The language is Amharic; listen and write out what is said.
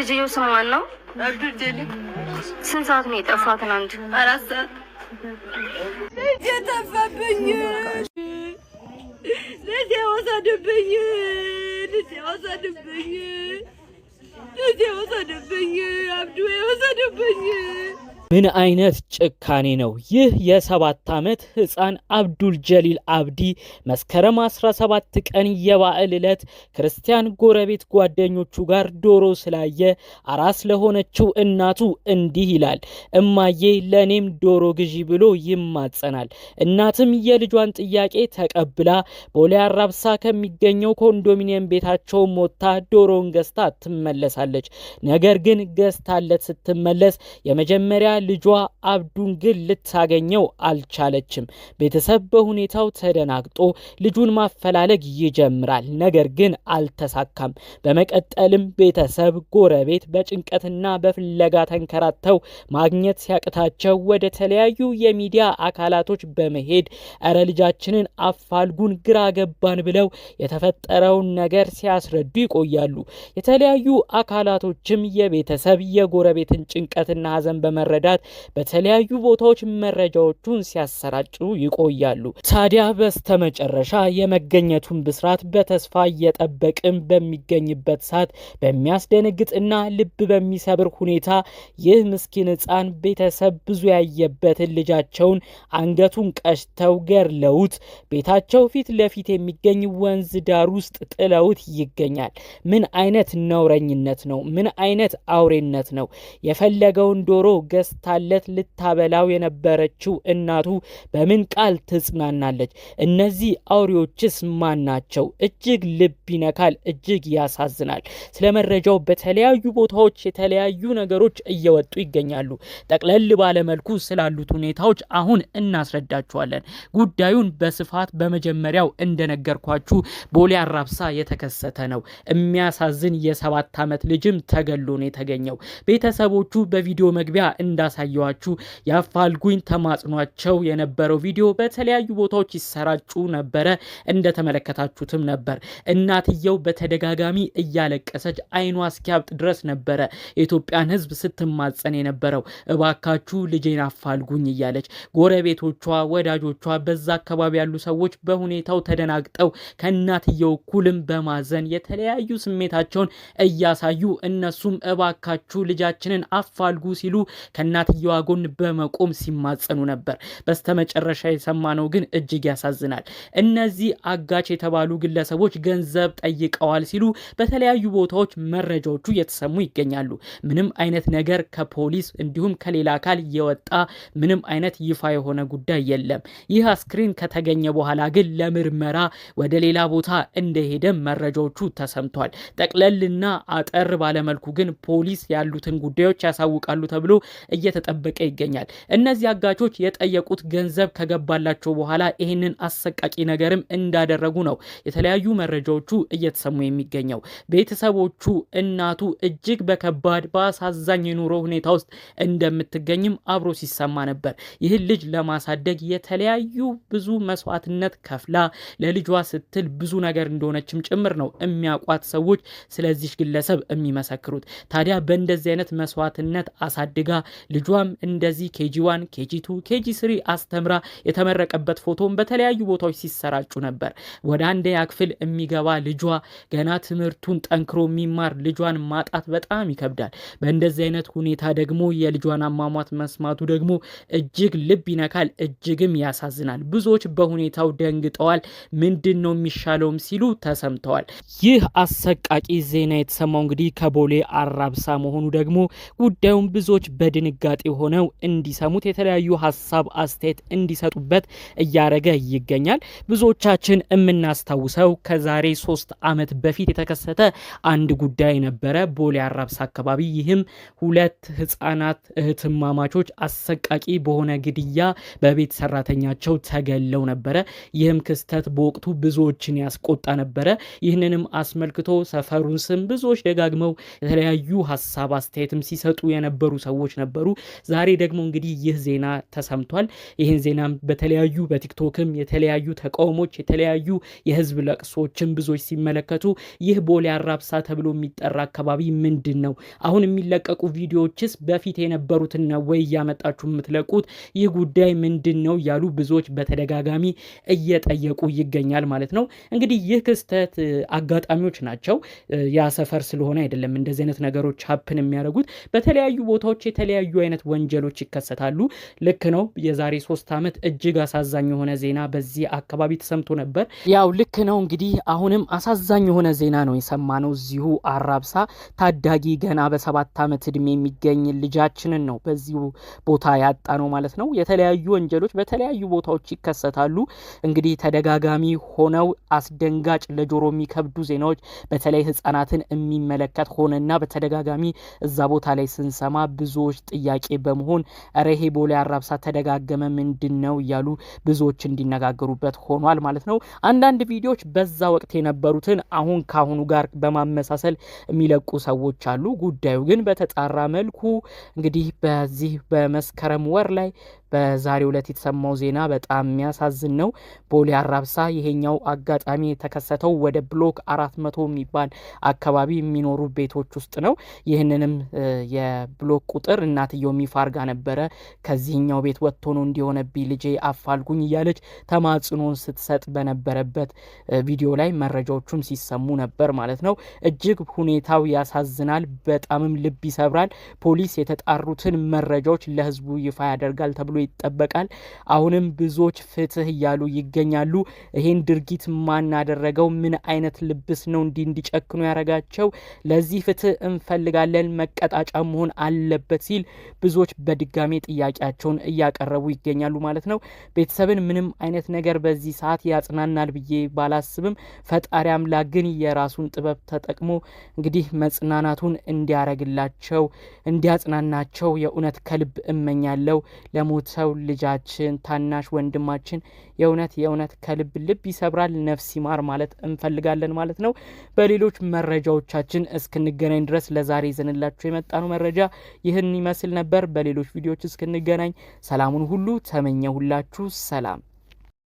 ልጅየው ስም ማን ነው? ስንት ሰዓት ነው የጠፋው? ትናንት አራት ሰዓት ልጅ የጠፋብኝ ልጅ ወሰድብኝ ልጅ ወሰድብኝ ልጅ ወሰድብኝ አብዱ ወሰድብኝ ምን አይነት ጭካኔ ነው! ይህ የሰባት ዓመት ህፃን አብዱል ጀሊል አብዲ መስከረም 17 ቀን የበዓል ዕለት ክርስቲያን ጎረቤት ጓደኞቹ ጋር ዶሮ ስላየ አራስ ለሆነችው እናቱ እንዲህ ይላል። እማዬ ለእኔም ዶሮ ግዢ ብሎ ይማጸናል። እናትም የልጇን ጥያቄ ተቀብላ ቦሌ አራብሳ ከሚገኘው ኮንዶሚኒየም ቤታቸው ሞታ ዶሮን ገዝታ ትመለሳለች። ነገር ግን ገዝታለት ስትመለስ የመጀመሪያ ልጇ አብዱን ግን ልታገኘው አልቻለችም። ቤተሰብ በሁኔታው ተደናግጦ ልጁን ማፈላለግ ይጀምራል። ነገር ግን አልተሳካም። በመቀጠልም ቤተሰብ፣ ጎረቤት በጭንቀትና በፍለጋ ተንከራተው ማግኘት ሲያቅታቸው ወደ ተለያዩ የሚዲያ አካላቶች በመሄድ እረ ልጃችንን አፋልጉን፣ ግራ ገባን ብለው የተፈጠረውን ነገር ሲያስረዱ ይቆያሉ። የተለያዩ አካላቶችም የቤተሰብ የጎረቤትን ጭንቀትና ሀዘን በመረዳት በመረዳት በተለያዩ ቦታዎች መረጃዎቹን ሲያሰራጩ ይቆያሉ። ታዲያ በስተመጨረሻ የመገኘቱን ብስራት በተስፋ እየጠበቅን በሚገኝበት ሰዓት በሚያስደነግጥና ልብ በሚሰብር ሁኔታ ይህ ምስኪን ህፃን ቤተሰብ ብዙ ያየበትን ልጃቸውን አንገቱን ቀሽተው ገድለውት ቤታቸው ፊት ለፊት የሚገኝ ወንዝ ዳር ውስጥ ጥለውት ይገኛል። ምን አይነት ነውረኝነት ነው? ምን አይነት አውሬነት ነው? የፈለገውን ዶሮ ገስ ልታለት ልታበላው የነበረችው እናቱ በምን ቃል ትጽናናለች? እነዚህ አውሬዎችስ ማን ናቸው? እጅግ ልብ ይነካል፣ እጅግ ያሳዝናል። ስለ መረጃው በተለያዩ ቦታዎች የተለያዩ ነገሮች እየወጡ ይገኛሉ። ጠቅለል ባለመልኩ ስላሉት ሁኔታዎች አሁን እናስረዳችኋለን። ጉዳዩን በስፋት በመጀመሪያው እንደነገርኳችሁ ቦሌ አራብሳ የተከሰተ ነው። የሚያሳዝን የሰባት ዓመት ልጅም ተገሎ ነው የተገኘው። ቤተሰቦቹ በቪዲዮ መግቢያ እንዳ ያሳየኋችሁ የአፋልጉኝ ተማጽኗቸው የነበረው ቪዲዮ በተለያዩ ቦታዎች ይሰራጩ ነበረ። እንደተመለከታችሁትም ነበር። እናትየው በተደጋጋሚ እያለቀሰች አይኗ እስኪያብጥ ድረስ ነበረ የኢትዮጵያን ሕዝብ ስትማጸን የነበረው እባካችሁ ልጄን አፋልጉኝ እያለች። ጎረቤቶቿ፣ ወዳጆቿ፣ በዛ አካባቢ ያሉ ሰዎች በሁኔታው ተደናግጠው ከእናትየው እኩልም በማዘን የተለያዩ ስሜታቸውን እያሳዩ እነሱም እባካችሁ ልጃችንን አፋልጉ ሲሉ ከና ከእናትየዋ ጎን በመቆም ሲማጸኑ ነበር። በስተመጨረሻ የሰማነው ግን እጅግ ያሳዝናል። እነዚህ አጋች የተባሉ ግለሰቦች ገንዘብ ጠይቀዋል ሲሉ በተለያዩ ቦታዎች መረጃዎቹ እየተሰሙ ይገኛሉ። ምንም አይነት ነገር ከፖሊስ እንዲሁም ከሌላ አካል የወጣ ምንም አይነት ይፋ የሆነ ጉዳይ የለም። ይህ አስክሬን ከተገኘ በኋላ ግን ለምርመራ ወደ ሌላ ቦታ እንደሄደ መረጃዎቹ ተሰምቷል። ጠቅለልና አጠር ባለመልኩ ግን ፖሊስ ያሉትን ጉዳዮች ያሳውቃሉ ተብሎ እየተጠበቀ ይገኛል። እነዚህ አጋቾች የጠየቁት ገንዘብ ከገባላቸው በኋላ ይህንን አሰቃቂ ነገርም እንዳደረጉ ነው የተለያዩ መረጃዎቹ እየተሰሙ የሚገኘው። ቤተሰቦቹ እናቱ እጅግ በከባድ በአሳዛኝ የኑሮ ሁኔታ ውስጥ እንደምትገኝም አብሮ ሲሰማ ነበር። ይህን ልጅ ለማሳደግ የተለያዩ ብዙ መስዋዕትነት ከፍላ ለልጇ ስትል ብዙ ነገር እንደሆነችም ጭምር ነው የሚያውቋት ሰዎች ስለዚህ ግለሰብ የሚመሰክሩት። ታዲያ በእንደዚህ አይነት መስዋዕትነት አሳድጋ ልጇም እንደዚህ ኬጂ1 ኬጂ2 ኬጂ3 አስተምራ የተመረቀበት ፎቶም በተለያዩ ቦታዎች ሲሰራጩ ነበር። ወደ አንደኛ ክፍል የሚገባ ልጇ ገና ትምህርቱን ጠንክሮ የሚማር ልጇን ማጣት በጣም ይከብዳል። በእንደዚህ አይነት ሁኔታ ደግሞ የልጇን አሟሟት መስማቱ ደግሞ እጅግ ልብ ይነካል፣ እጅግም ያሳዝናል። ብዙዎች በሁኔታው ደንግጠዋል። ምንድን ነው የሚሻለውም ሲሉ ተሰምተዋል። ይህ አሰቃቂ ዜና የተሰማው እንግዲህ ከቦሌ አራብሳ መሆኑ ደግሞ ጉዳዩን ብዙዎች በድንግ ድንጋጤ ሆነው እንዲሰሙት የተለያዩ ሀሳብ አስተያየት እንዲሰጡበት እያደረገ ይገኛል። ብዙዎቻችን የምናስታውሰው ከዛሬ ሶስት አመት በፊት የተከሰተ አንድ ጉዳይ ነበረ ቦሌ አራብሳ አካባቢ። ይህም ሁለት ህጻናት እህትማማቾች አሰቃቂ በሆነ ግድያ በቤት ሰራተኛቸው ተገለው ነበረ። ይህም ክስተት በወቅቱ ብዙዎችን ያስቆጣ ነበረ። ይህንንም አስመልክቶ ሰፈሩን ስም ብዙዎች ደጋግመው የተለያዩ ሀሳብ አስተያየትም ሲሰጡ የነበሩ ሰዎች ነበሩ። ዛሬ ደግሞ እንግዲህ ይህ ዜና ተሰምቷል። ይህን ዜና በተለያዩ በቲክቶክም የተለያዩ ተቃውሞች፣ የተለያዩ የህዝብ ለቅሶችን ብዙዎች ሲመለከቱ ይህ ቦሌ አራብሳ ተብሎ የሚጠራ አካባቢ ምንድን ነው? አሁን የሚለቀቁ ቪዲዮዎችስ በፊት የነበሩትን ነው ወይ እያመጣችሁ የምትለቁት? ይህ ጉዳይ ምንድን ነው እያሉ ብዙዎች በተደጋጋሚ እየጠየቁ ይገኛል ማለት ነው። እንግዲህ ይህ ክስተት አጋጣሚዎች ናቸው። ያ ሰፈር ስለሆነ አይደለም እንደዚህ አይነት ነገሮች ሀፕን የሚያደርጉት በተለያዩ ቦታዎች የተለያዩ አይነት ወንጀሎች ይከሰታሉ። ልክ ነው። የዛሬ ሶስት ዓመት እጅግ አሳዛኝ የሆነ ዜና በዚህ አካባቢ ተሰምቶ ነበር። ያው ልክ ነው እንግዲህ አሁንም አሳዛኝ የሆነ ዜና ነው የሰማነው እዚሁ አራብሳ ታዳጊ ገና በሰባት ዓመት እድሜ የሚገኝ ልጃችንን ነው በዚሁ ቦታ ያጣ ነው ማለት ነው። የተለያዩ ወንጀሎች በተለያዩ ቦታዎች ይከሰታሉ። እንግዲህ ተደጋጋሚ ሆነው አስደንጋጭ ለጆሮ የሚከብዱ ዜናዎች በተለይ ህጻናትን የሚመለከት ሆነና በተደጋጋሚ እዛ ቦታ ላይ ስንሰማ ብዙዎች ጥያ ጥያቄ በመሆን ረሄ ቦሌ አራብሳ ተደጋገመ ምንድን ነው እያሉ ብዙዎች እንዲነጋገሩበት ሆኗል ማለት ነው። አንዳንድ ቪዲዮዎች በዛ ወቅት የነበሩትን አሁን ከአሁኑ ጋር በማመሳሰል የሚለቁ ሰዎች አሉ። ጉዳዩ ግን በተጣራ መልኩ እንግዲህ በዚህ በመስከረም ወር ላይ በዛሬው ዕለት የተሰማው ዜና በጣም የሚያሳዝን ነው። ቦሌ አራብሳ ይሄኛው አጋጣሚ የተከሰተው ወደ ብሎክ አራት መቶ የሚባል አካባቢ የሚኖሩ ቤቶች ውስጥ ነው። ይህንንም የብሎክ ቁጥር እናት ዮሚ ፋርጋ ነበረ። ከዚህኛው ቤት ወጥቶ ነው እንዲሆነብኝ ልጄ አፋልጉኝ እያለች ተማጽኖን ስትሰጥ በነበረበት ቪዲዮ ላይ መረጃዎቹም ሲሰሙ ነበር ማለት ነው። እጅግ ሁኔታው ያሳዝናል፣ በጣምም ልብ ይሰብራል። ፖሊስ የተጣሩትን መረጃዎች ለህዝቡ ይፋ ያደርጋል ተብሎ ይጠበቃል። አሁንም ብዙዎች ፍትህ እያሉ ይገኛሉ። ይሄን ድርጊት ማን አደረገው? ምን አይነት ልብስ ነው እንዲህ እንዲጨክኑ ያደረጋቸው? ለዚህ ፍትህ እንፈልጋለን፣ መቀጣጫ መሆን አለበት ሲል ብዙዎች በድጋሜ ጥያቄያቸውን እያቀረቡ ይገኛሉ ማለት ነው። ቤተሰብን ምንም አይነት ነገር በዚህ ሰዓት ያጽናናል ብዬ ባላስብም ፈጣሪ አምላክ ግን የራሱን ጥበብ ተጠቅሞ እንግዲህ መጽናናቱን እንዲያረግላቸው እንዲያጽናናቸው የእውነት ከልብ እመኛለሁ። ለሞተው ልጃችን ታናሽ ወንድማችን የእውነት የእውነት ከልብ ልብ ይሰብራል። ነፍስ ይማር ማለት እንፈልጋለን ማለት ነው። በሌሎች መረጃዎቻችን እስክንገናኝ ድረስ ለዛሬ ይዘንላችሁ የመጣነው መረጃ ይህን ይመስል ይመስል ነበር። በሌሎች ቪዲዮዎች እስክንገናኝ ሰላሙን ሁሉ ተመኘሁላችሁ። ሰላም